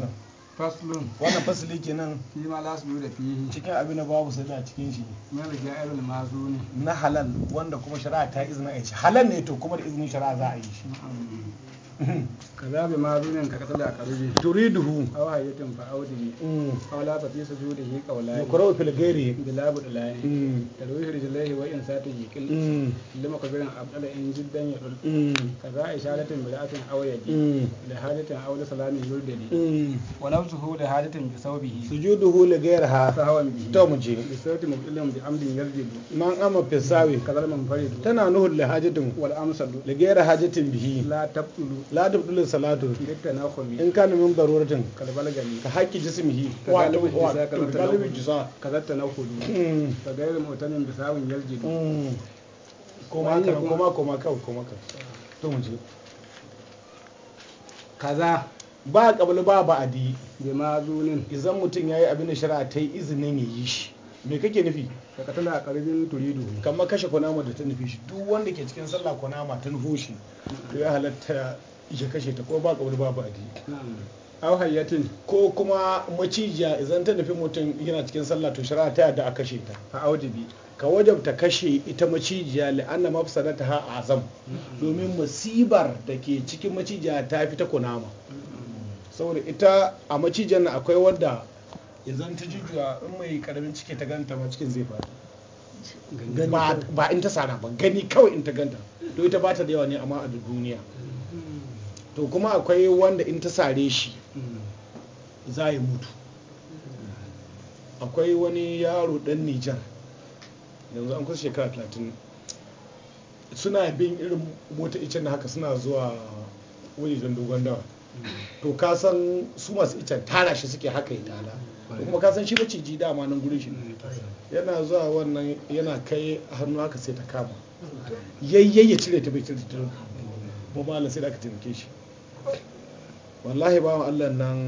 wannan faslun wannan fasli kenan fi ma biyu da fihi cikin abin da babu sai a cikin shi na ne na halal wanda kuma shari'a ta izinin a yi halal ne to kuma da izinin shari'a za a yi shi za bi ma zunin ka kasala a karuji turiduhu aw hayatin fa audi mm. aw la tafi sujudihi qawlani yukrahu fil ghairi bila budlani mm. tarwihi rijlaihi wa insati yiqil mm. lima kabirin abdala in jiddan yadul kaza isharatin bil'atin aw yadi li hajatin aw li salamin yurdadi wa nafsuhu li hajatin bi sawbihi sujuduhu li ghairiha sahwan bihi mu je. bi mu mubtilin bi amdin yarjidu man amma fi sawi man faridu tana nuhu li hajatin wal amsalu li ghairi hajatin bihi la tabtulu Ladab tubdul salatu in kana min daruratin ka haqqi jismihi wa albi jisa ka zatta na hudu hmm. ka gairi mutanen da sabon yalji hmm. koma kan koma koma kan koma kan to mu je kaza ba a kabul ba ba'adi bi mazunin Izan mutum yayi abin da shari'a ta yi izinin ya yi shi me kake nufi ka katala a karfin turidu kamar kashe kwanama da ta nufi shi duk wanda ke cikin sallah kwanama ta nufo shi to ya halatta ya kashe ta ko ba kabul ba ba adi au hayyatin ko kuma macijiya idan ta nufi mutum yana cikin sallah to shari'a ta yadda a kashe ta fa audibi ka wajabta kashe ita macijiya la'anna mafsadata ha azam domin musibar da ke cikin macijiya ta fi ta kunama saboda ita a macijiyar nan akwai wadda idan ta jujjuwa in mai karamin ciki ta ganta ma cikin zai faru. ba in ta sana ba gani kawai in ta ganta to ita ba ta da yawa ne amma a duniya to kuma akwai wanda in ta sare shi za ya mutu akwai wani yaro dan nijar yanzu an kusa shekara 30 suna bin irin mota icen haka suna zuwa wajen dogon dawa to ka san su masu icen tara shi suke haka ya tara kuma ka san shi maciji dama nan gurin shi yana zuwa wannan yana kai hannu haka sai ta kama yayyayya cire ta bai cire ta ba malam sai da aka taimake shi wallahi bawan allah nan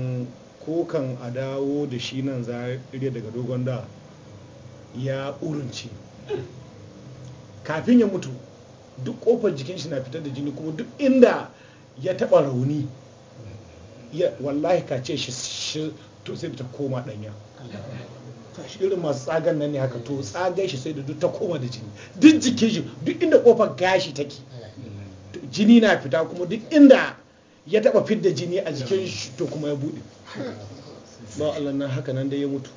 kokan a dawo da shi nan a daga dogon da ya urinci kafin ya mutu duk kofar jikin shi na fitar da jini kuma duk inda ya taba rauni wallahi ka ce shi to sai ta koma danya irin masu tsagan nan ne haka to tsagan shi sai da duk ta koma da jini duk jikin shi duk inda kofar gashi take jini na fita kuma duk inda ya taba fidda jini a jikin shi to kuma ya bude ba Allah nan haka nan da ya mutu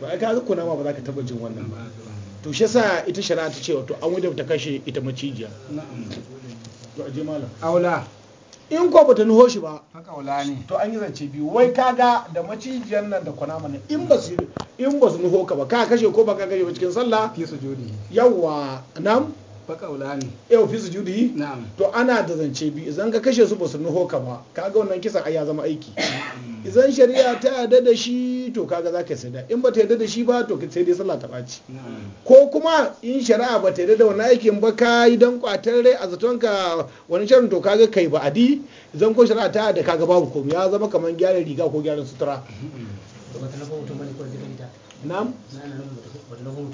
to ai kaga kuna ma ba za ka taba jin wannan ba to shi yasa ita shari'a ta ce wato an wadda ta kashe ita macijiya to aje malam aula in ko bata nuho shi ba to an yi zance biyu wai kaga da macijiyar nan da kunama nan in ba su in ba su nuho ka ba ka kashe ko ba ka kashe ba cikin sallah fi sujudi yawa nam fakaulani yau fi sujudi na'am to ana da zance biyu idan ka kashe su ba su nuho ka ba kaga wannan kisan ai ya zama aiki idan shari'a ta yarda da shi to kaga za ka saida in ba ta yarda da shi ba to sai dai sallah ta ɓaci ko kuma in shari'a ba ta yarda da wani aikin ba ka yi dan kwatar rai a zaton ka wani shirin to kaga kai ba adi idan ko shari'a ta yarda kaga babu komai ya zama kamar gyaran riga ko gyaran sutura na'am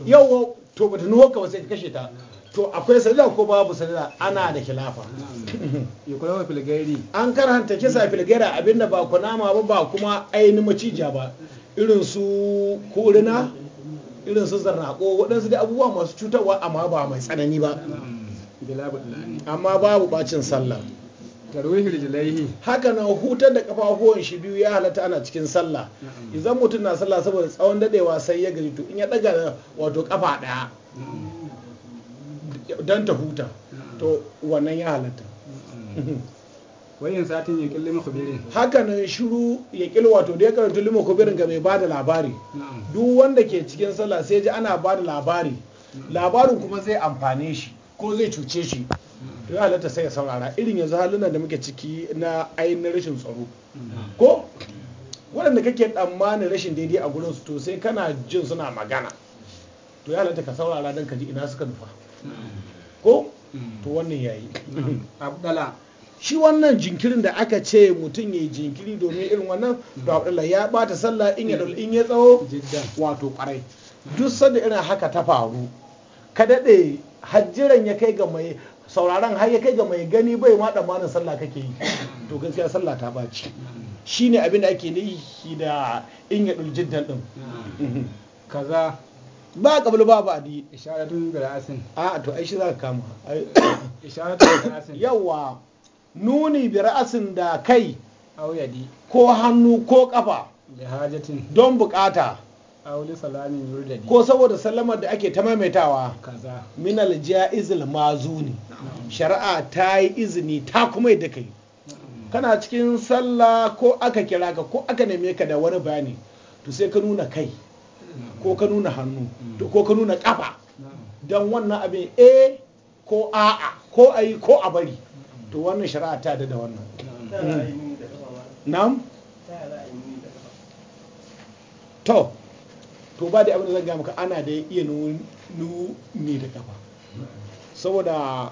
yau to bata nuho ka ba sai ka kashe ta to akwai salila ko babu salila ana da khilafa filgairi an karanta kisa filgaira abinda ba kunama ba ba kuma ainihin macija ba irin su kurina irin su zarnako waɗansu da abubuwa masu cutarwa amma ba mai tsanani ba amma babu bacin sallah tarwihir jilaihi haka na hutar da kafafuwan shi biyu ya halatta ana cikin sallah idan mutum na sallah saboda tsawon dadewa sai ya gaji to in ya daga wato kafa daya don ta huta to wannan ya halatta mm-hmm. wayan satin ya haka nan shiru ya killi wato da ya karanta lima birin ga mai bada labari mm-hmm. duk wanda ke cikin sallah sai ji ana bada labari mm-hmm. labarin kuma zai amfane shi ko zai cuce shi to ya halatta sai ya saurara irin yanzu halunan da muke ciki na ainihin rashin tsaro ko waɗanda kake tsammanin rashin daidai a gurin su to sai kana jin suna magana to ya halatta ka saurara don ka ji ina suka nufa ko mm. to wannan yayi abdala shi wannan jinkirin da aka ce mutum ya yi jinkiri domin irin wannan to abdala ya bata sallah in ya in ya tsawo wato kwarai duk sanda irin haka ta faru ka daɗe hajjiran ya kai ga mai sauraron har ya kai ga mai gani bai ma da tsammanin sallah kake yi to gaskiya sallah ta baci shine abin da ake nihi da in ya jiddan din mhm. kaza ba a kabul ba ba a diyi isharatun bil asin a to ai shi za ka kama isharatun bil asin yawa nuni bi ra'asin da kai aw yadi ko hannu ko kafa da hajatin don bukata aw li salamin yurdadi ko saboda sallamar da ake ta maimaitawa kaza min al jaizil mazuni shari'a ta yi izini ta kuma yadda kai kana cikin sallah ko aka kira ka ko aka neme ka da wani bayani to sai ka nuna kai ko ka nuna hannu ko ka nuna kafa don wannan abin eh ko a'a ko a yi ko a bari to wannan shari'a ta da wannan na'am to to ba da abin da zan gaya maka ana da iya nuni da kafa saboda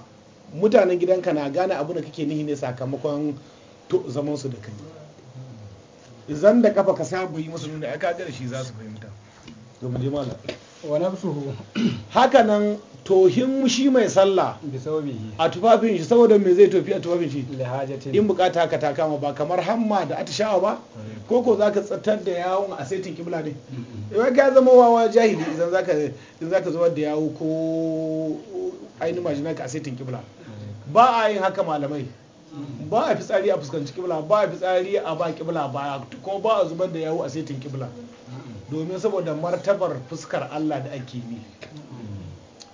mutanen gidanka na gane abin da kake nihi ne sakamakon zaman su da kai zan da kafa ka sabu yi musu nuna, ya ga da shi za su fahimta Hakanan haka nan tohin shi mai sallah a tufafin shi saboda me zai tofi a tufafin shi in bukata ka ta kama ba kamar hamma da atishawa ba ko ko zaka tsatar da yawon a saitin kibla ne wai ka zama wawa jahili idan zaka idan zaka da yawo ko ainihin majina ka a saitin kibla ba a yin haka malamai ba a fitsari a fuskanci kibla ba a fitsari a ba kibla ba ko ba a zubar da yawo a saitin kibla domin saboda martabar fuskar Allah da ake ne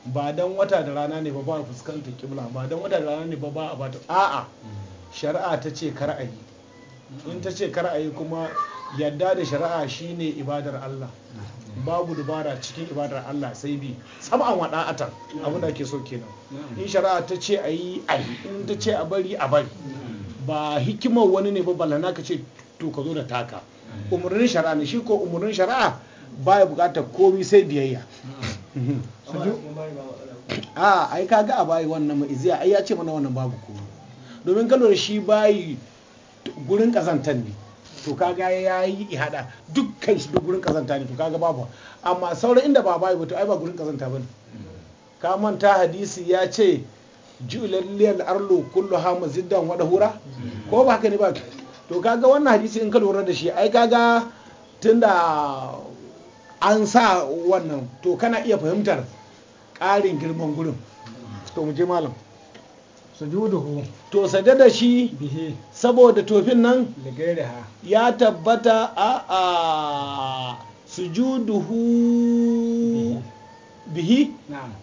ba don wata da rana ne ba ba fuskanta kibla ba don wata da rana ne ba ba a bata a'a shari'a ta ce kar a yi in ta ce kar a yi kuma yadda da shari'a shine ibadar Allah babu dubara cikin ibadar Allah sai bi sab'an wa da'atan abin da ake so kenan in shari'a ta ce a yi a yi in ta ce a bari a bari ba hikimar wani ne ba ballana ka ce to ka zo da taka umarnin shari'a ne shi ko umarnin shari'a ya bukatar komi sai biyayya a ah, ai kaga a bayi wannan ma'iziya ai ya ce mana wannan babu komi domin kalor shi bayi gurin kazantar ne to kaga ya yi ihada dukkan shi duk gurin kazanta ne to kaga babu amma sauran inda ba bayi ba to ai ba gurin kazanta bane ka manta hadisi ya ce julal liyal arlu kullu hamaziddan wada hura ko ba haka ne ba to kaga wannan hadisi in ka lura da shi ai kaga tunda an sa wannan to kana iya fahimtar ƙarin girman gurin to mu je malam sujuduhu to sajada shi saboda tofin nan ya tabbata a a sujuduhu bihi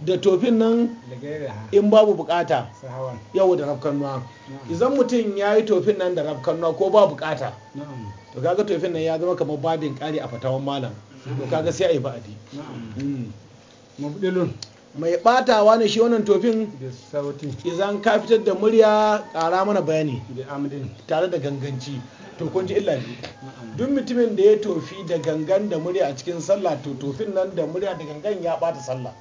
da tofin nan in babu bukata yau da nuwa idan mutum ya yi tofin nan da nuwa ko ba bukata to kaga tofin nan ya zama kamar babin kari a fatawan malam to kaga sai a yi ba'adi hmm. mai batawa ne shi wannan tofin idan ka fitar da murya kara mana bayani tare da ganganci to kun ji illa biyu duk mutumin da ya tofi da gangan da murya a cikin sallah to tofin nan da murya da gangan ya bata sallah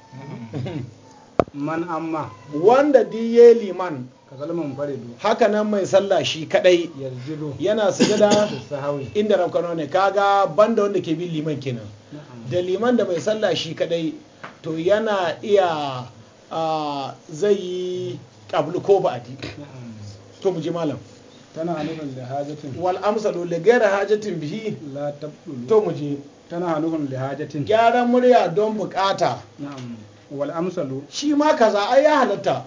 man amma wanda diye liman haka nan mai sallah shi kadai yana sujada inda rafkano ne kaga banda wanda ke bin liman kenan da liman da mai sallah shi kadai to yana iya ah, zai yi kablu ko ba'adi to mu ji malam tana nufin da hajatin wal amsalu li ghairi hajatin bihi la tabdulu to mu tana nufin li hajatin gyaran murya don bukata na'am wal amsalu shi ma kaza ai ya halatta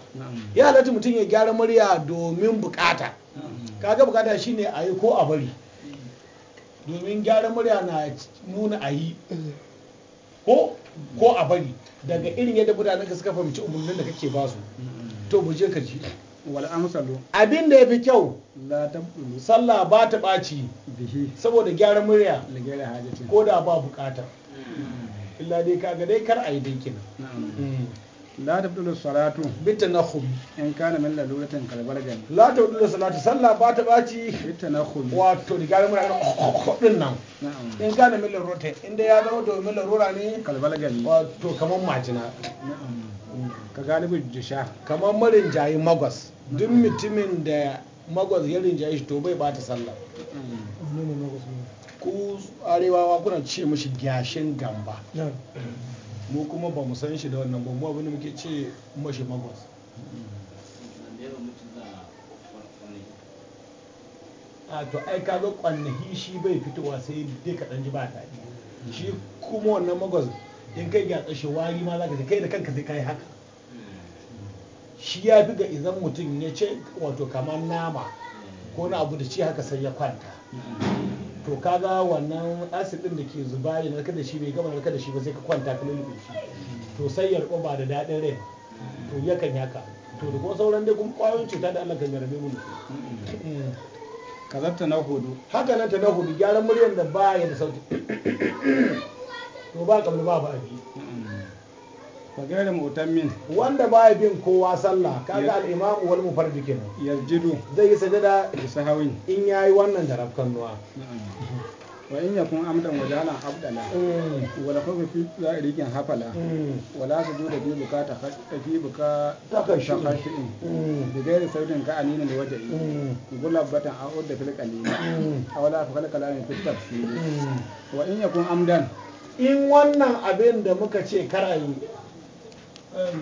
ya halatta mutum ya gyara murya domin bukata kaga bukata shine a yi ko a bari domin gyaran murya na nuna a yi ko ko a bari daga irin yadda mutanen ka suka fahimci umarnin da kake ba su to mu je ka ji wal amsalu abin da yafi kyau la sallah ba ta baci bihi saboda gyaran murya la gyara ko da ba bukata illa dai kaga dai kar ayi dai kenan hmm. la tabdulu salatu bitanakhum in kana min laluratin kalbalgan la tabdulu salatu sallah ba ta baci bitanakhum wato da gyaran murya din nan in kana min laluratin inda ya zama to la rura ne kalbalgan wato kamar majina na'am ka galibin jisha kamar marinjayi Magos. duk mutumin da Magos ya rinjaye shi to bai bata sallah ku arewawa kuna ce mashi gyashin gamba mu kuma ba mu san shi da wannan ba mu abin da muke ce mashi Magos. a to ai ka zo kwanahi shi bai fitowa sai dai kaɗan ji ba daɗi shi kuma wannan Magos. in kai ya tsashe wari ma za ka kai da kanka sai ka yi haka shi ya fi ga idan mutum ya ce wato kamar nama ko na abu da ci haka sai ya kwanta to kaga wannan acid da ke zuba ya kada da shi bai gama narkar da shi ba sai ka kwanta ka lulluɓe shi to sai ya ba da daɗin rai to yakan yaka to da kuma sauran dai kuma ƙwayoyin cuta da Allah kan jarabe mu kazarta na hudu haka nan ta na hudu gyaran muryar da ba ya da sauti to ba kabli ba ba'adi fagayar mutammin wanda ba ya bin kowa sallah kaga al-imam wal mufarrid kenan yarjidu zai yi sajada sahawin in yayi wannan jarabkan nuwa wa in yakun amdan wajalan abdala mm. wala khawfa fi za'irikin hafala mm. wala sujuda bi bukata eh, fi buka takashshin mm. bi gairi saudin ka anina da wata gulabatan a'udda fil qalil aw la fa kala kalamin fi tafsir wa in yakun amdan in wannan abin da muka ce kar'ayi a yi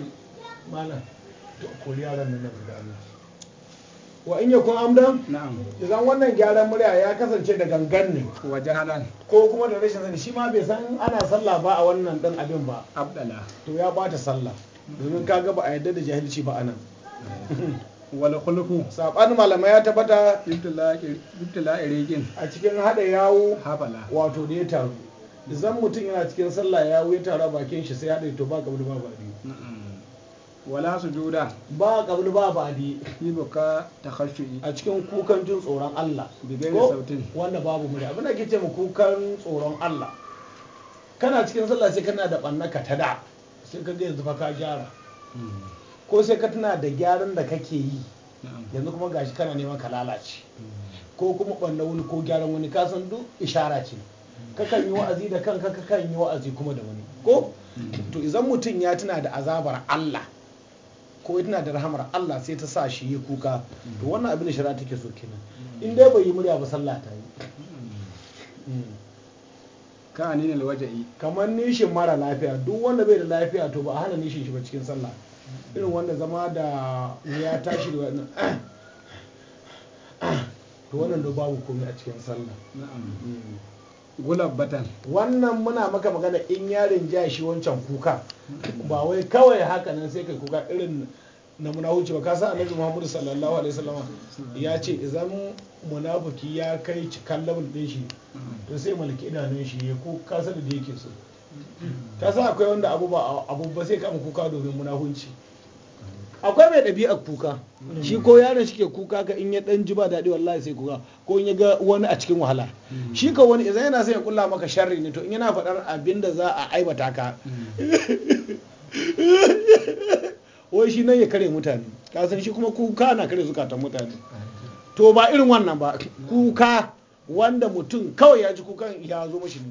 mana koli yaran nan da Allah wa in yakun amdan na'am idan wannan gyaran murya ya kasance da gangan ne wa jahalan ko kuma da rashin sani shi ma bai san ana sallah ba a wannan dan abin ba abdala to ya bata sallah domin kaga ba a yadda da jahilci ba anan wala khulufu saban malama ya tabbata ibtila'irigin a cikin hada yawo habala wato ne ya taru idan mutum yana cikin sallah ya wuya tara bakin shi sai ya to ba kabul ba ba'di wala juda. ba kabul ba ba'di yi ta kashi. a cikin kukan jin tsoron Allah bigairi sautin wanda babu murya abin da kike mu kukan tsoron Allah kana cikin sallah sai kana da bannaka ta da sai ka ga yanzu fa ka gyara mm. ko sai ka tana da gyaran da kake yi yanzu kuma gashi kana neman ka lalace mm. ko kuma ɓanna wani ko gyaran wani kasan duk ishara ce kakan yi wa'azi da kanka kakan yi wa'azi kuma da wani ko mm. to idan mutum ya tuna da azabar Allah ko ya tuna da rahamar Allah sai ta sa shi yi kuka to mm. wannan abin da shari'a take so kenan in dai bai yi murya ba sallah ta yi mm. ka ni ne yi. kamar nishin mara lafiya duk wanda bai da lafiya to ba a hana nishin shi ba cikin sallah irin wanda zama da ya tashi da wannan to wannan da babu komai a cikin sallah wannan muna maka magana in yarin ja shi wancan kuka ba wai kawai haka nan sai kai kuka irin na wuce ba kasa san annabi Muhammadu sallallahu alaihi wasallam ya ce idan munafuki ya kai cikan labul din shi to sai malaki idanun shi ya kuka san da yake so ka akwai wanda abu ba abu ba sai kama kuka domin munafunci akwai mai ɗabi'ar kuka shi ko yaron shi ke kuka ka in ya ɗan ji ba daɗi wallahi sai kuka ko in ya ga wani a cikin wahala mm. shi ka wani idan yana sai ya kulla maka sharri ne to in yana faɗar abin da za a aibata ka mm. wai shi nan ya kare mutane kasan shi kuma kuka na kare zukatan mutane to ba irin wannan ba kuka wanda mutum kawai ya ji kukan ya zo mashi ne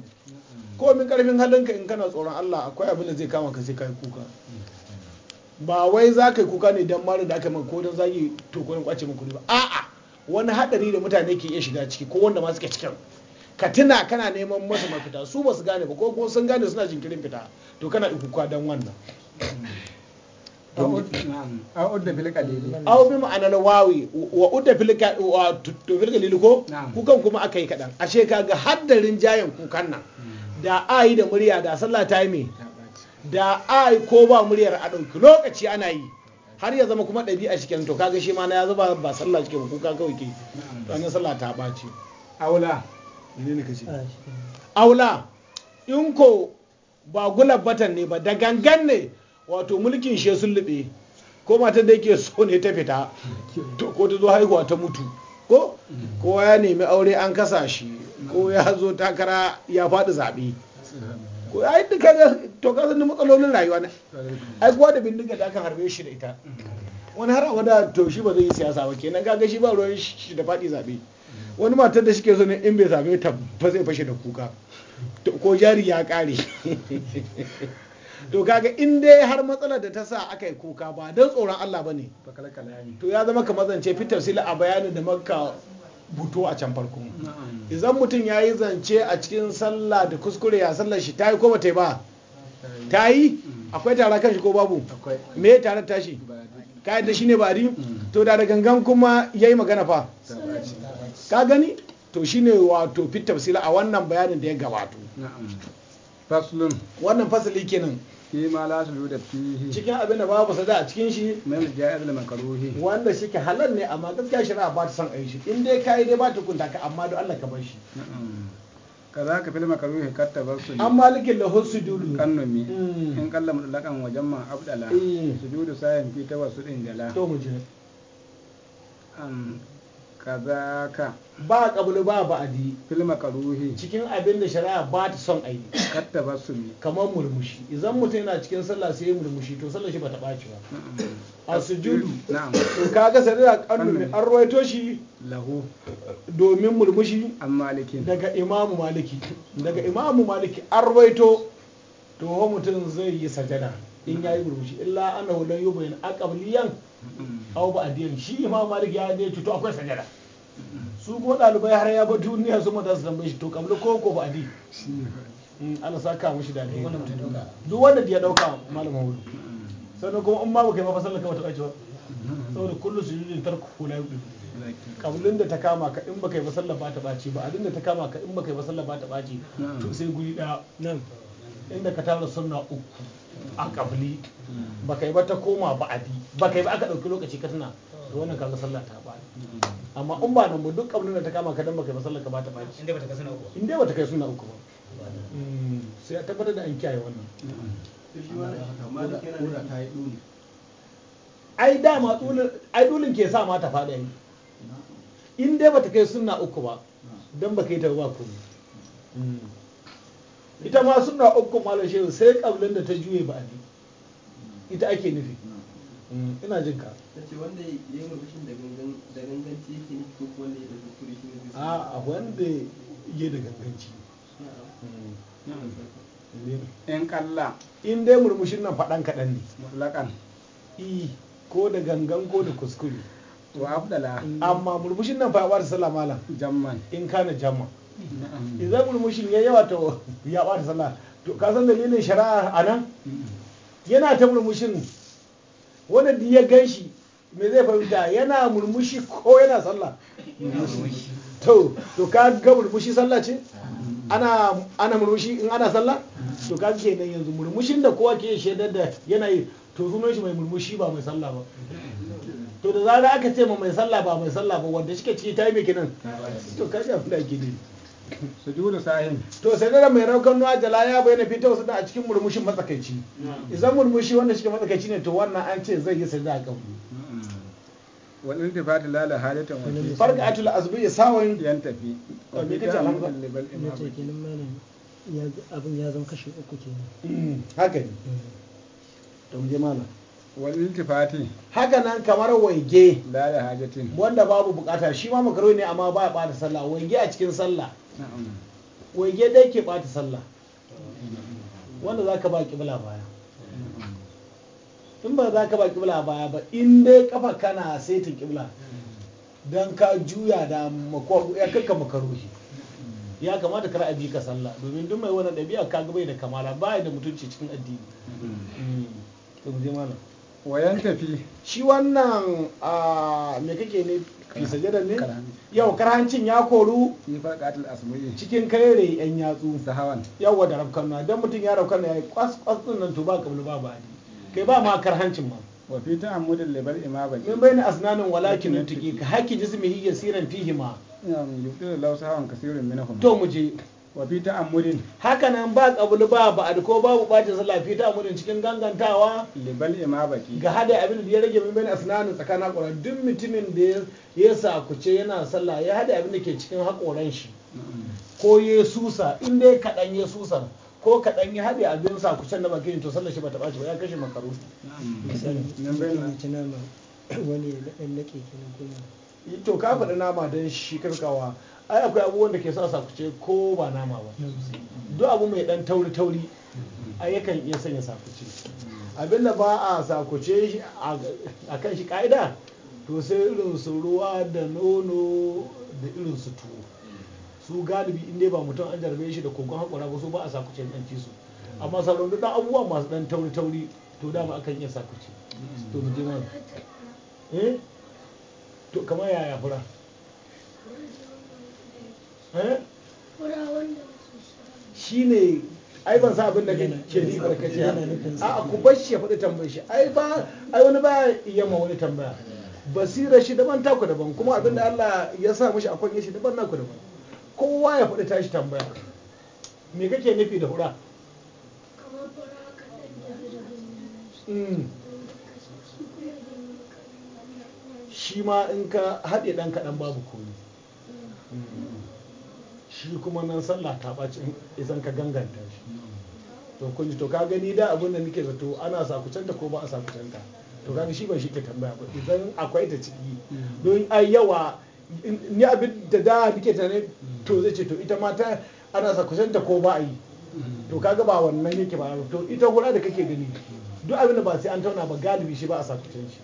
mm. min karfin halinka in kana tsoron Allah akwai abin da zai kama ka sai kai kuka ba wai za ka yi kuka ne don marin da aka yi ko don zagi to kuɗin kwace maka kuɗi ba a'a wani haɗari da mutane ke iya shiga ciki ko wanda ma suke cikin ka tuna kana neman masa mafita su ba su gane ba ko ko sun gane suna jinkirin fita to kana kuka don wannan a'udda fil qalili aw bi ma'anar wawi wa udda filika wa to fil qalili ko kukan kuma aka yi kadan ashe ga haddarin jayen kukan nan hmm. da a yi da murya da sallah ta yi mai. da ai ko ba muryar a ɗauki lokaci ana yi har ya zama kuma ɗabi'a a cikin to kaga shi ma na ya zuba ba sallah cikin kuka kawai ke ɗanyen an sallah ta ɓaci aula ne ne kace ah, aula in ko ba batan ne ba da gangan ne wato mulkin shi sun lube ko matar da yake so ne ta fita ko ta zo haihuwa ta mutu ko mm. kowa ya nemi aure an kasa shi ko ya zo takara ya faɗi zaɓe ko ai duka to ka san matsalolin rayuwa ne ai kuwa da bindiga da aka harbe shi da ita wani har abada to shi ba zai yi siyasa ba kenan kaga shi ba ruwan shi da faɗi zabe wani matar da shike so ne in bai same ta ba zai fashe da kuka ko jari ya kare to kaga in dai har matsalar da ta sa aka yi kuka ba don tsoron Allah ba ne to ya zama kamar zance fitar sila a bayanin da makka buto a can farko idan mutum ya yi zance a cikin sallah da kuskure ya sallar shi ta yi ko bata ta yi ba ta yi mm. akwai tara kan shi ko babu me tare tashi ka yadda shi ne ba di mm. to da gangan kuma ya yi magana fa ka gani to shi ne wato fit tafsila a wannan bayanin da ya gabato wannan fasali kenan fi ma da fihi cikin abin da babu sada a cikin shi min ja'il makruhi wanda shi ke halal ne amma gaskiya shari'a ba ta son a yi shi in dai yi dai ba ta kunta ka amma don Allah ka bar shi Ka za ka fil ta bar su an malikin dudu kan kannumi mm. in kalla mutlakan wajen ma abdala Dudu eh. sayan fi wasu ɗin jala kazaka ba kabulu ba ba'adi fil makaruhi cikin abin da shari'a ba ta son ayi katta ba su kamar murmushi idan mutum yana cikin sallah sai murmushi to sallah shi ba ta ɓaci ba a sujudu to kaga kanu ne an ruwaito shi lahu domin murmushi An daga imamu maliki daga imamu maliki an ruwaito to mutum zai yi sajada in ya yi burbushi illa ana hulan yi bayan akabliyan au ba adiyan shi ma malik ya ne to akwai sajada su kuma ɗalibai har ya ba duniya su mata su tambaye shi to kabli ko ko ba adi ana saka mushi da ne duk wanda ya dauka malam hudu sannan kuma in ma baka kai mafasar ta wata ba. saboda kullum su yi tarku hula yi kaulin da ta kama ka in ba yi ba ta ɓaci ba abin da ta kama ka in ba yi ba ta ɓaci to sai guri ɗaya inda ka tara suna uku a kabli ka yi ba ta koma ba ba ka yi ba aka ɗauki lokaci ka tana to wannan kaga sallah ta ba amma in ba nan ba duk kabli da ta kama ka dan ka yi ba sallah ka ba ta ba inda bata kai sunna uku inda kai suna uku ba mm, sai a tabbatar da an kiyaye wannan ai dama ai dulin ke sa ma ta faɗa yi in dai ta kai suna uku ba dan baka yi ta ba komai mm. ita ma suna uku malam shehu sai kablan da ta juye ba ne ita ake nufi ina jin ka ce wanda ya yi murmushin da ganganci yake nufi ko wanda ya ɗauki kuri shi ne a wanda ya da ganganci in kalla in dai murmushin nan faɗan kaɗan ne mutlaƙan i ko da gangan ko da kuskure to afdala amma murmushin nan fa ya bar sallama malam jamman in kana jamman idan murmushin ya yawa to ya bata sallah to ka san dalilin shari'a a nan yana ta murmushin wanda da ya gan shi me zai fahimta yana murmushi ko yana sallah to to ka ga murmushi sallah ce ana ana murmushi in ana sallah to ka ke nan yanzu murmushin da kowa ke shaidar da yana yi to sunan shi mai murmushi ba mai sallah ba to da zara aka ce ma mai sallah ba mai sallah ba wanda shi ke ciki ta yi mai kinan to ka ji abin da ake ne sujudu sahin to sai sajada mai raukan nuwa jala ya bayyana fita wasu da a cikin murmushin matsakaici idan murmushi wanda shi ke matsakaici ne to wannan an ce zai yi sajada a kan wannan ta fata lala halatan wani farka atul azbi ya sawon yan tafi to me kace alhamdulillah abin ya zama kashi uku ke hmm, haka ne hmm. to je malam wal iltifati haka nan kamar waige wanda babu bukata shi ma makaro ne amma ba ya bata sallah waige a cikin sallah waige dai ke bata sallah wanda zaka ba kibla baya in ba za ka ba kibla baya ba in dai kafa kana saitin kibla don ka juya da ya kakka makaruhi ya kamata kar a bi ka sallah domin duk mai wannan ɗabi'a ka bai da kamala baya da mutunci cikin addini mm. wayan tafi shi wannan me kake ne fi sajada ne yau karhancin ya koru cikin kare yan yatsu yawa da na don mutum ya rafkanna ya kwas kwas din nan to ba kabul ba ba kai ba ma karhancin ma wa fi ta'ammudin libar imabaki min bayna asnanin walakin tuki ka haki jismihi yasiran fihi ma kasirin minhum to muje. wa fi ta'ammudin haka nan ba kabulu ba ba a ko babu bacin sallah fi ta'ammudin cikin gangantawa libal imabaki ga hada abin da ya rage min bayan asnanu tsakanin hakoran duk mutumin da ya ce yana sallah ya hada abin da ke cikin hakoran shi ko ya susa in dai kaɗan ya susa ko kaɗan ya haɗe abin sakucen na bakin to sallah shi ba ta ba ya kashe makaru misali wani ya nake laƙe kuma to ka faɗi nama don shi karkawa ai akwai abubuwan da ke sa sakuce ko ba nama ba duk abu mai dan tauri tauri a yakan iya sanya sakuce abin da ba a sakuce a kan shi ka'ida to sai irin su ruwa da nono da irin su tuwo su galibi inda ba mutum an jarabe shi da kogon haƙura ba su ba a sakuce dan su amma sauran duk abubuwa masu dan tauri tauri to dama akan iya sakuce to mu je eh to kamar yaya fura eh? shi ne ai ban sa abin da ke ni barkaci a ku bar shi ya faɗi tambayi shi ai ba ai wani ba iya ma wani tambaya basira shi daban taku daban kuma abin da Allah ya sa mishi akwai shi daban ku daban kowa ya faɗi tashi tambaya me kake nufi da hura kamar fura da hmm. shi ma in ka haɗe ɗan kaɗan babu komi shi kuma nan sallah ta ɓaci idan ka ganganta shi to kun ji to ka gani da abin da nake zato ana sakucanta ko ba a sakucanta to kaga shi ban shi ke tambaya ba idan akwai ta ciki don ai yawa ni abin da da nake tare to zai ce to ita ma ta ana sakucanta ko ba a yi to kaga ba wannan yake ba to ita hura da kake gani duk abin da ba sai an tauna ba galibi shi ba a sakucin shi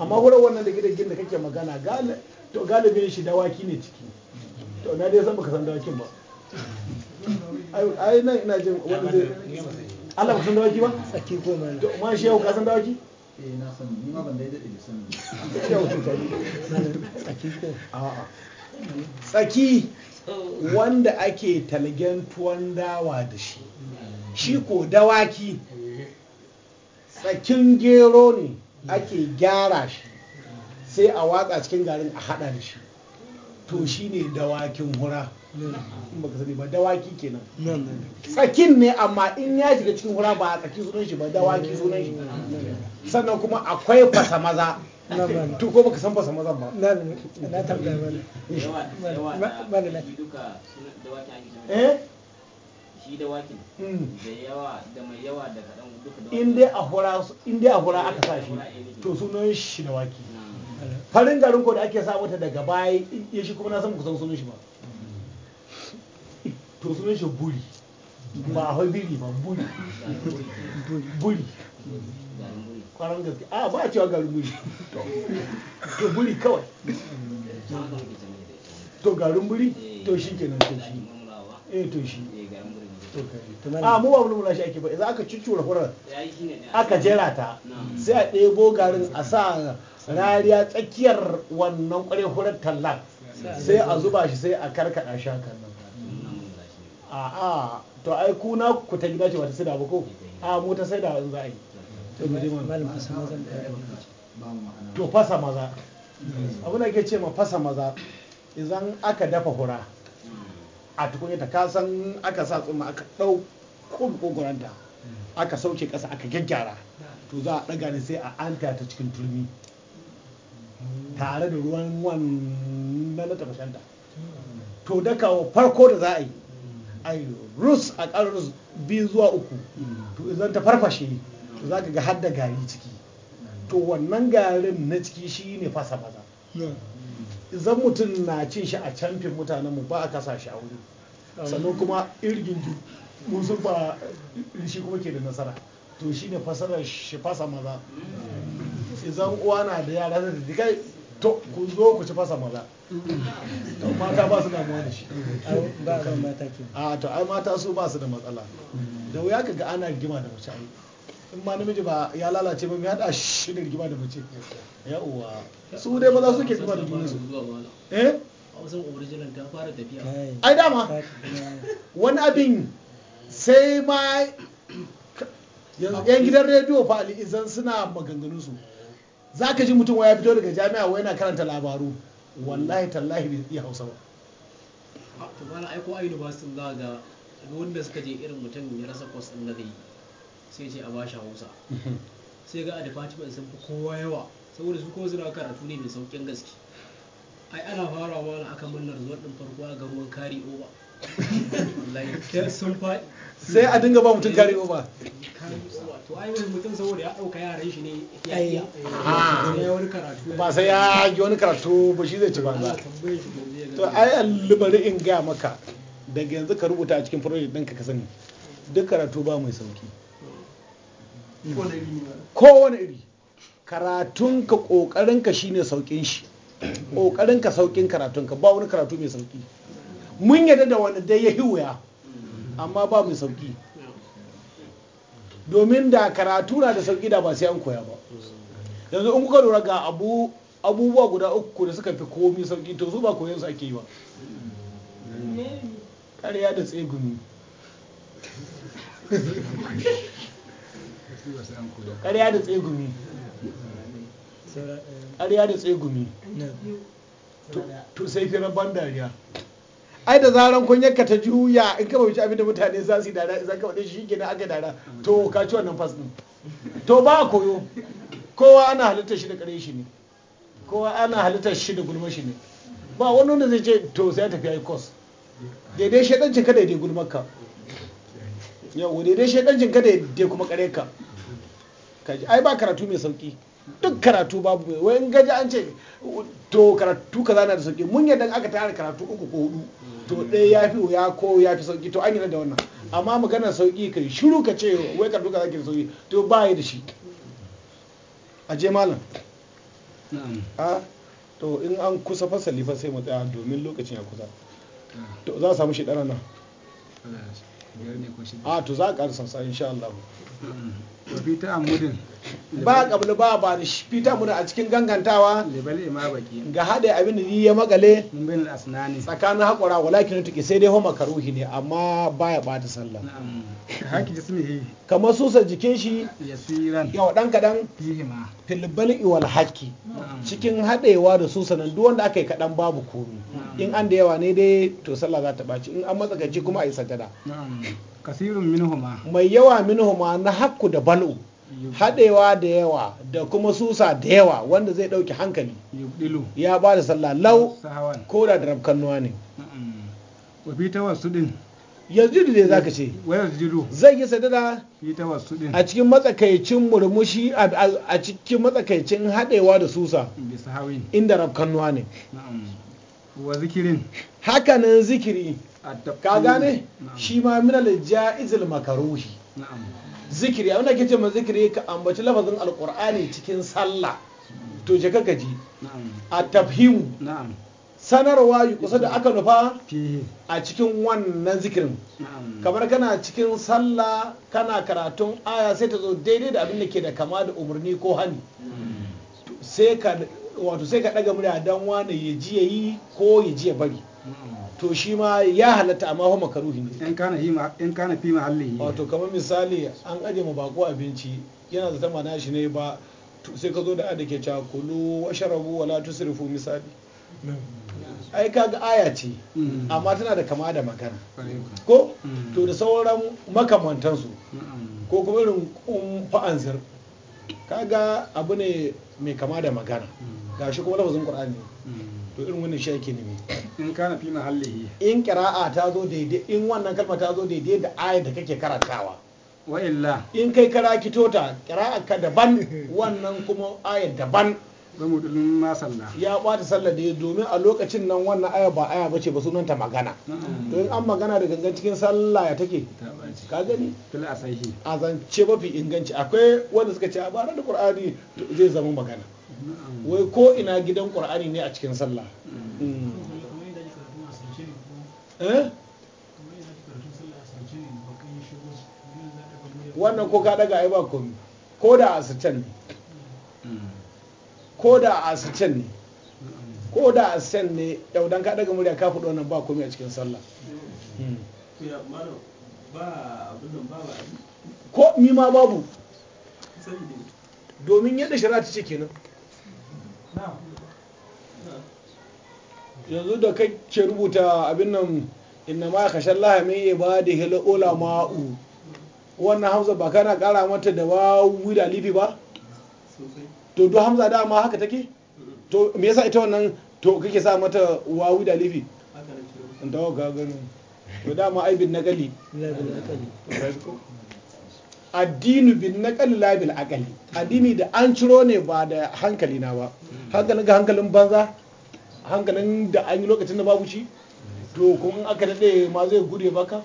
amma wurin wannan da gidan da kake magana to galibin shi dawaki ne ciki to na dai san baka san dawakin ba ai nan ina jin wani zai Allah baka san dawaki ba saki goma to ma shi yau ka san dawaki eh na san ni ma ban daidai da san yau to saki ko a'a tsaki wanda ake talgen tuwon dawa da shi shi ko dawaki tsakin gero ne ake gyara shi sai a watsa cikin garin a haɗa da shi to shi ne dawakin hura in baka sani ba dawaki kenan tsakin ne amma in ya shiga cikin hura ba a tsaki sunan shi ba dawaki sunan shi sannan kuma akwai fasa maza to ko baka san fasa maza ba na na tabbata ba ne ba ne shi da wakin hmm. da yawa da mai yawa da kaɗan duka da in dai a hura in dai a hura aka sa shi to sunan shi da waki hmm. farin garin ko da ake sa mata daga baya ya shi kuma na san kusan sunan shi ba to sunan shi buri ba hau biri ba buri buri kwanan gaske a ba a cewa garin buri to buri kawai to garin buri to shi kenan to shi eh, eh to shi eh, a mu ba mulmula shi ake ba idan aka cuccura furar aka jera ta sai a ɗebo garin a sa rariya tsakiyar wannan ƙware furar tallan sai a zuba shi sai a karkaɗa shi hakan nan a'a to ai kuna ku ta gida ce ba ta saida ba ko a mu ta sai in za a yi to fasa maza abin da ke ce ma fasa maza idan aka dafa hura a tukunyata ta kasan aka sa tsumma aka ɗau kogoranta aka sauke ƙasa aka gyaggyara to za a ɗaga ne sai a anta ta cikin turmi tare da ruwan wannan na tafashanta to kawo farko da za a yi ai rus a ƙarar rus biyu zuwa uku to idan ta farfashe to za ka ga har da gari ciki to wannan garin na ciki shi ne fasa fasa zan mutum na cin shi a canfin mutanen mu ba a kasa shi a wuri sannan kuma irgin musu ba shi kuma ke da nasara to shi ne fasarar shi fasa maza idan uwa na da yara da kai to ku zo ku ci fasa maza to mata ba su damuwa da shi a mata a to ai mata su ba su da matsala da wuya ka ga ana rigima da mace ai in ma namiji ba ya lalace ba mai hada shi da rigima da mace uwa su dai maza suke kuma da juna su eh ai dama wani abin sai ma yan gidan rediyo fa izan suna maganganun su za ka ji mutum ya fito daga jami'a wai yana karanta labaru wallahi tallahi bai iya hausa ba to mana aiko ainihin basu za ga wanda suka je irin mutum ya rasa kwas ɗin da zai yi sai ce a bashi hausa sai ga a department sun fi kowa yawa saboda su kowa suna karatu ne mai saukin gaske ai ana farawa na aka murnar zuwa din farko a garuwan kari oba sai a dinga ba mutum kari oba to ai wani mutum saboda ya ɗauka yaran shi ne ya iya ah. ya wani karatu ba sai ya yi wani karatu ba shi zai ci ba ba to ai alibari in gaya maka daga yanzu ka rubuta a cikin project ɗinka ka sani duk karatu ba mai sauki kowane iri karatunka ƙoƙarinka shine sauƙin shi ƙoƙarinka sauƙin karatunka ba wani karatu mai sauƙi mun yadda da wani dai ya hiwuya amma ba mai sauƙi domin da karatu na da sauƙi da ba sai an koya ba yanzu in kuka lura ga abubuwa guda uku da suka fi komi sauƙi to su ba koyon su ake yi ba ƙarya da tsegumi ƙarya da tsegumi ƙarya da tsegumi to sai firar ban dariya ai da zaran kun yanka ta juya in ka bauci abinda mutane za su yi dara za ka faɗi shi gina aka dara to ka ci wannan fas ɗin to ba a koyo kowa ana halittar shi da ƙare shi ne kowa ana halittar shi da gulma shi ne ba wani wanda zai ce to sai ya tafi yi kos daidai shaidancin ka daidai gulmar ka yau daidai shaidancin ka daidai kuma kare ka kaji ai ba karatu mai sauki duk karatu babu mai wayan gaji an ce to karatu kaza na da sauki mun yadda aka tara karatu uku ko hudu to ɗaya ya fi ya ko ya fi sauki to an yi da wannan amma maganar sauki kai shiru ka ce wai karatu kaza ke da sauki to ba yi da shi a je malam a to in an kusa fasali fa sai mu tsaya domin lokacin ya kusa to za a samu shi ɗana nan biyar ne ko a ah, to za a karsa sa insha Allah wa mm. fi ta'ammudin ba kabli ba ba bani fita muna a cikin gangantawa ga haɗe abin da ya makale tsakanin haƙura walakin tuki sai dai homa karuhi ne amma ba ya bata sallah kamar susa jikin shi yau ɗan kaɗan filibal iwal haƙƙi cikin haɗewa da susa nan duk wanda aka yi kaɗan babu komi in an da yawa ne dai to sallah za ta ɓaci in an matsakaici kuma a yi sajada minhuma mai yawa minhuma na haƙƙu da bal'u haɗewa da yawa da kuma susa da yawa wanda zai ɗauki hankali ya ba da sallah lau ko da nuwa ne yanzu da za ka ce zai yi sadada a cikin matsakaicin murmushi a cikin matsakaicin haɗewa da susa inda nuwa ne hakanan zikiri ka gane shi ma minal ja'izil makaruhi zikiri abin da ke ce ma zikiri ka ambaci lafazin alkur'ani cikin sallah to je ka gaji a tafhimu sanarwa yi kusa da aka nufa a cikin wannan zikirin kamar kana cikin sallah kana karatun aya sai ta zo daidai da abin da ke da kama da umarni ko hani sai ka wato sai ka daga murya dan wane ya ji ya yi ko ya ji ya bari to shi ma ya halatta amma ho makaruhi ne in kana fi in kana fi mahalli wato kamar misali an ajiye mu bako abinci yana zata tamana shi ne ba sai ka zo da da ke cewa sharabu wa wala tusrifu misali ai kaga aya ce mm. amma tana da kama da magana ko mm. to da sauran makamantansu ko kuma irin kun ka kaga abu ne mai kama da magana mm. gashi kuma lafazin qur'ani to irin wannan shi ake nemi in kana fi mahallihi in qira'a ta zo daidai in wannan kalma ta zo daidai da ayar da kake karantawa wa illa in kai kara kitota qira'a ka daban wannan kuma ayar daban gamudin na sallah ya bata sallah da domin a lokacin nan wannan aya ba aya bace ba sunanta magana to in an magana da gangan cikin sallah ya take ka gani fil asahi ce mafi inganci akwai wanda suka ce a bara da qur'ani zai zama magana wai ko ina gidan qur'ani ne a cikin sallah eh? wannan ko ka daga ai ba komi ko da a sitan ne ko da a sitan ne ko da a sitan ne daudan ka daga murya ka faɗo wannan ba komi a cikin sallah hmm. ko mi ma babu domin yadda shari'a ta ce kenan yanzu da kake rubuta abin nan inna ma ka shallaha min ibadihi ulama'u wannan hamza ba kana kara mata da wawu da alifi ba to do hamza da ma haka take to me yasa ita wannan to kake sa mata wawu da alifi an dawo ga gani to dama ai na naqali addinu bin naqali la bil aqali addini da an ciro ne ba da hankali na ba mm. hankalin ga hankalin banza hankalin da an yi lokacin da babu shi to kuma aka daɗe ma zai gude baka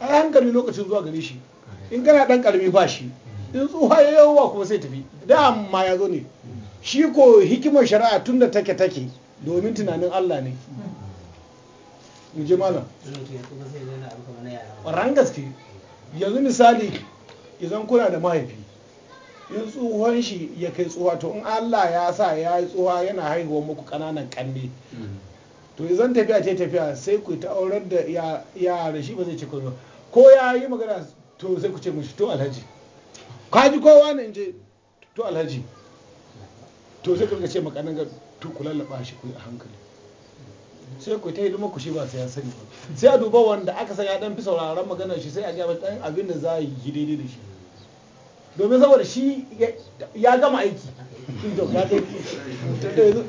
ai hankali lokacin zuwa gare shi in kana ɗan ƙarami ba shi in tsuha ya yawa kuma sai tafi da amma ya zo ne shi ko hikimar shari'a tun da take take domin tunanin Allah ne mu je malam ƙwarar gaske yanzu misali idan kuna da mahaifi in tsohon shi ya kai tsuwa to in Allah ya sa ya yi tsuwa yana haihuwa muku kananan kanne to izan tafiya ce tafiya sai ku ta aurar da yara shi ba zai ci kuma ko ya yi magana to sai ku ce mushi to alhaji ka ji kowa ne in je to alhaji to sai ka ce makanan ga to ku lallaba shi ku yi a hankali sai ku ta yi ku shi ba sai ya sani ba sai a duba wanda aka san ya dan fi sauraron magana shi sai a ga dan abin da za yi daidai da shi domin saboda shi ya gama aiki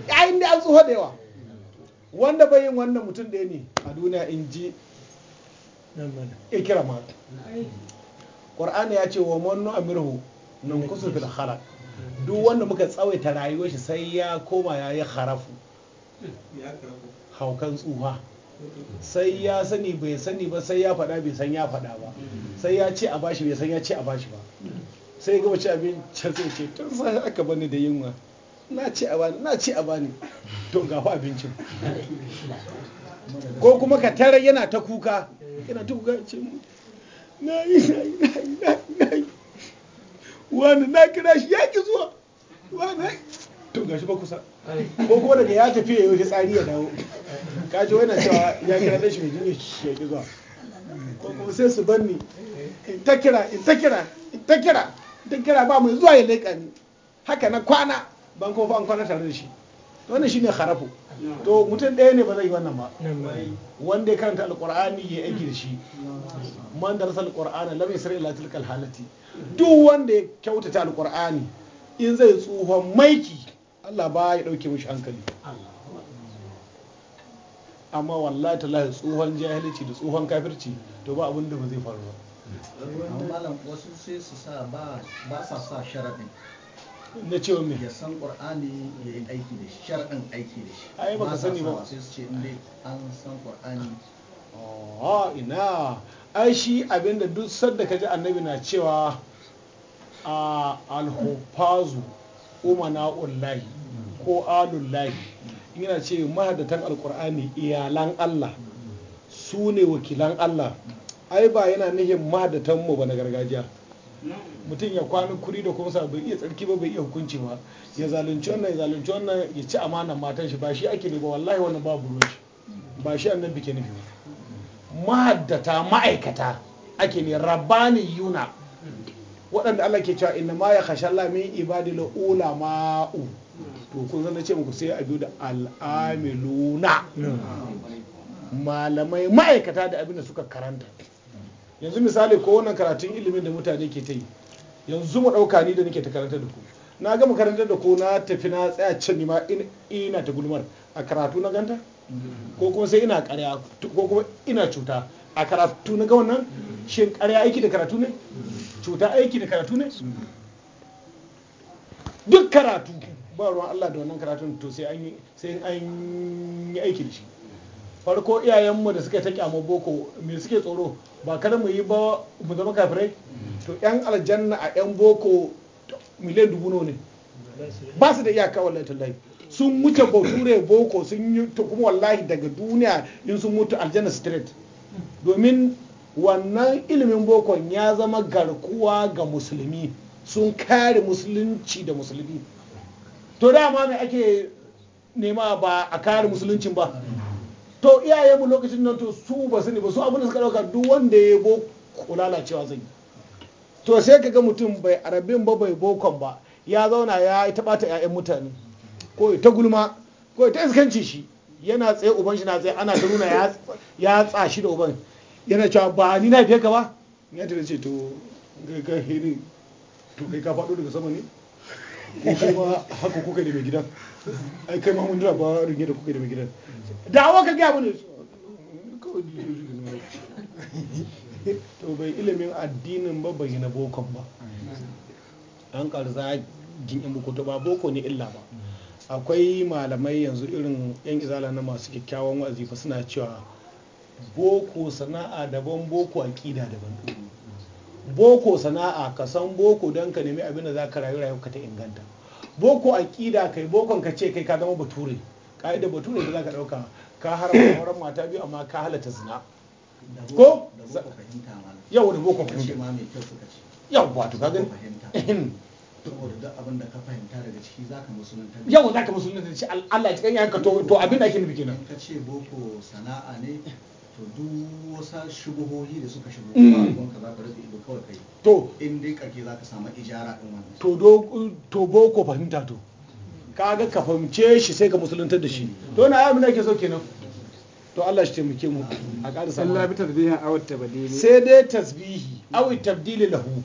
yayin da an tsoho da yawa wanda bai yin wannan mutum da ne a duniya in ji ikirama ƙwar'ani ya ce wa mannu amirhu nan kusur fil harak duk wanda muka tsawaita rayuwar shi sai ya koma ya yi harafu haukan tsuha sai ya sani bai sani ba sai ya faɗa bai san ya faɗa ba sai ya ce a bashi bai san ya ce a bashi ba sai ga wace abin can sai ce tun sai aka bani da yunwa na ce a bani na ce a bani to ga fa abincin ko kuma ka tara yana ta kuka yana ta kuka ce na yi na yi na yi na yi na yi wani na kira shi ya ki zuwa wani to shi ba kusa ko kuma daga ya tafi ya yi tsari ya dawo Ka kaji wani cewa ya kira da shi mai jini shi ya ki zuwa ko kuma sai su banni in ta kira in ta kira in ta kira duk kira ba mai zuwa ya leƙa haka na kwana ban kofa an kwana tare da shi wannan shine harafu to mutum ɗaya ne ba zai yi wannan ba wanda ya karanta alƙur'ani ya aiki da shi man darasa alƙur'ana lam yasri ila tilkal halati duk wanda ya kyautata alƙur'ani in zai tsohon maiki Allah ba ya ɗauke mishi hankali amma wallahi lahi tsohon jahilci da tsohon kafirci to ba abin da ba zai faru ba malam wasu sai su sa ba sa sa sharaɗin na cewa me ya san qur'ani ya yi aiki da shi sharadin aiki da shi ai baka sani ba sai su ce in an san qur'ani oh ina ai shi abinda duk sadda ka ji annabi na cewa a alhufazu umana ullahi ko alullahi yana ce mahaddatan alqur'ani iyalan Allah su ne wakilan Allah ai ba yana nihin madatan mu ba na gargajiya mutum ya kwana kuri da kuma bai iya tsarki ba bai iya hukunci ba ya zalunci wannan ya zalunci wannan ya ci amanan matan shi ba shi ake ne ba wallahi wannan ba burin shi ba shi annan ke nufi ba mahaddata ma'aikata ake ne rabani yuna waɗanda Allah ke cewa inna ma ya kashe Allah min ibadi la ma'u. to kun zan ce muku sai a biyu da al'amiluna malamai ma'aikata da abin da suka karanta yanzu misali ko wannan karatun ilimin da mutane ke ta yi yanzu mu ɗauka ni da nake ta karanta da ku na gama karanta da ku na tafi na tsaya can ma ina ta gulmar a karatu na ganta ko kuma sai ina ƙarya ko kuma ina cuta a karatu na ga wannan shin ƙarya aiki da karatu ne cuta aiki da karatu ne duk karatu ba ruwan Allah da wannan karatun to sai an yi aiki da shi farko iyayenmu da suka ta kyamu boko me suke tsoro ba kada mu yi ba mu zama kafirai to yan aljanna a yan boko miliyan dubu ne ba su da iyaka wallahi tallahi sun wuce bauture boko sun yi to kuma wallahi daga duniya in sun mutu aljanna straight domin wannan ilimin bokon ya zama garkuwa ga musulmi sun kare musulunci da musulmi to dama mai ake nema ba a kare musulunci ba to mu lokacin nan to su ba su ne ba su abin da suka dauka duk wanda ya bo kulala lalacewa zai yi to sai ka ga mutum bai arabin ba bai bokon ba ya zauna ya yi ta bata 'ya'yan mutane ko ta gulma ko ta iskanci shi yana tsaye uban shi na tsaye ana ta nuna ya tsashi da uban yana cewa ba ni na fiye ka ba ya ce to kai ka hiri to kai ka faɗo daga sama ne kai ma haka kuka da mai gidan ai kai ma mun dira ba ringe da kuka da mai gidan da awa ka gaya mana to bai ilimin addinin ba bai na bokon ba an karza jin yan boko ba boko ne illa ba akwai malamai yanzu irin yan izala na masu kyakkyawan wa'azi fa suna cewa boko sana'a daban boko aƙida daban boko sana'a ka san boko don ka nemi abin da za ka rayu rayuwa ka ta inganta boko aƙida kai bokon ka ce kai ka zama bature ka'ida bature da za ka ɗauka ka haramta auren mata biyu amma ka halatta zina ko yau da boko fahimta ma mai kyau suka ce yau wato ka gani saboda duk abin da ka fahimta daga ciki za ka musulunta yau za ka musulunta da shi Allah ya cikin yanka to abin da ake nufi kenan ka ce boko sana'a ne to duk wasu shubuhohi da suka shigo mm. ba za ka rasa ido to in dai karke za ka samu ijara din wannan to boko fahimta to kaga ka fahimce shi sai ka musuluntar da shi to na ayyami ne ke so kenan to Allah shi taimake mu a ƙara sama Allah bi tasbihin awat tabdili sai dai tasbihi aw tabdili lahu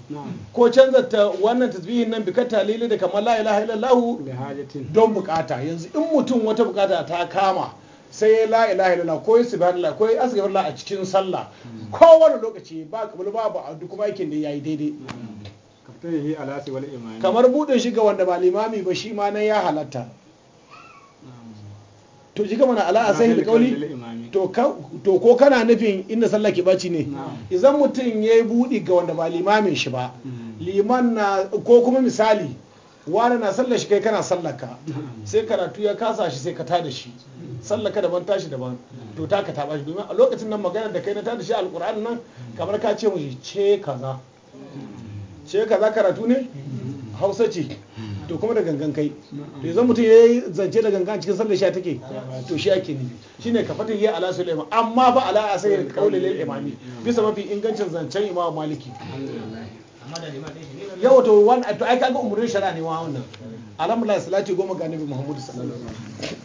ko canza ta wannan tasbihin nan bi katalili da kamar la ilaha illallah don bukata yanzu in mutum wata bukata ta kama sai ya la ilaha illallah ko ya subhanallah ko ya astaghfirullah a cikin sallah kowane lokaci ba kabul ba ba duk kuma aikin da yayi daidai kamar buɗe shi ga wanda ba limami ba shi ma nan ya halatta to ji mana ala a da kauli to ko kana nufin inda sallah ke baci ne idan mutum ya yi buɗi ga wanda ba limamin shi ba mm. liman na ko kuma misali wani na sallar shi kai kana sallaka sai karatu ya kasa shi sai ka tada shi sallaka daban tashi daban to ta ka taba shi domin a lokacin nan magana da kai na tada shi alkur'an nan kamar ka ce mai ce kaza ce kaza karatu ne hausa ce to kuma da gangan kai to yanzu mutum ya yi zance da gangan cikin sallar shi take to shi ake shi ne ka fata yi ala sulaiman amma ba ala a sayar kaulilin imami bisa mafi ingancin zancen imam maliki amma da Yau to wani to ai kaga umurin shari'a ne wa wannan alhamdulillah salati goma ga bi muhammadu sallallahu alaihi wasallam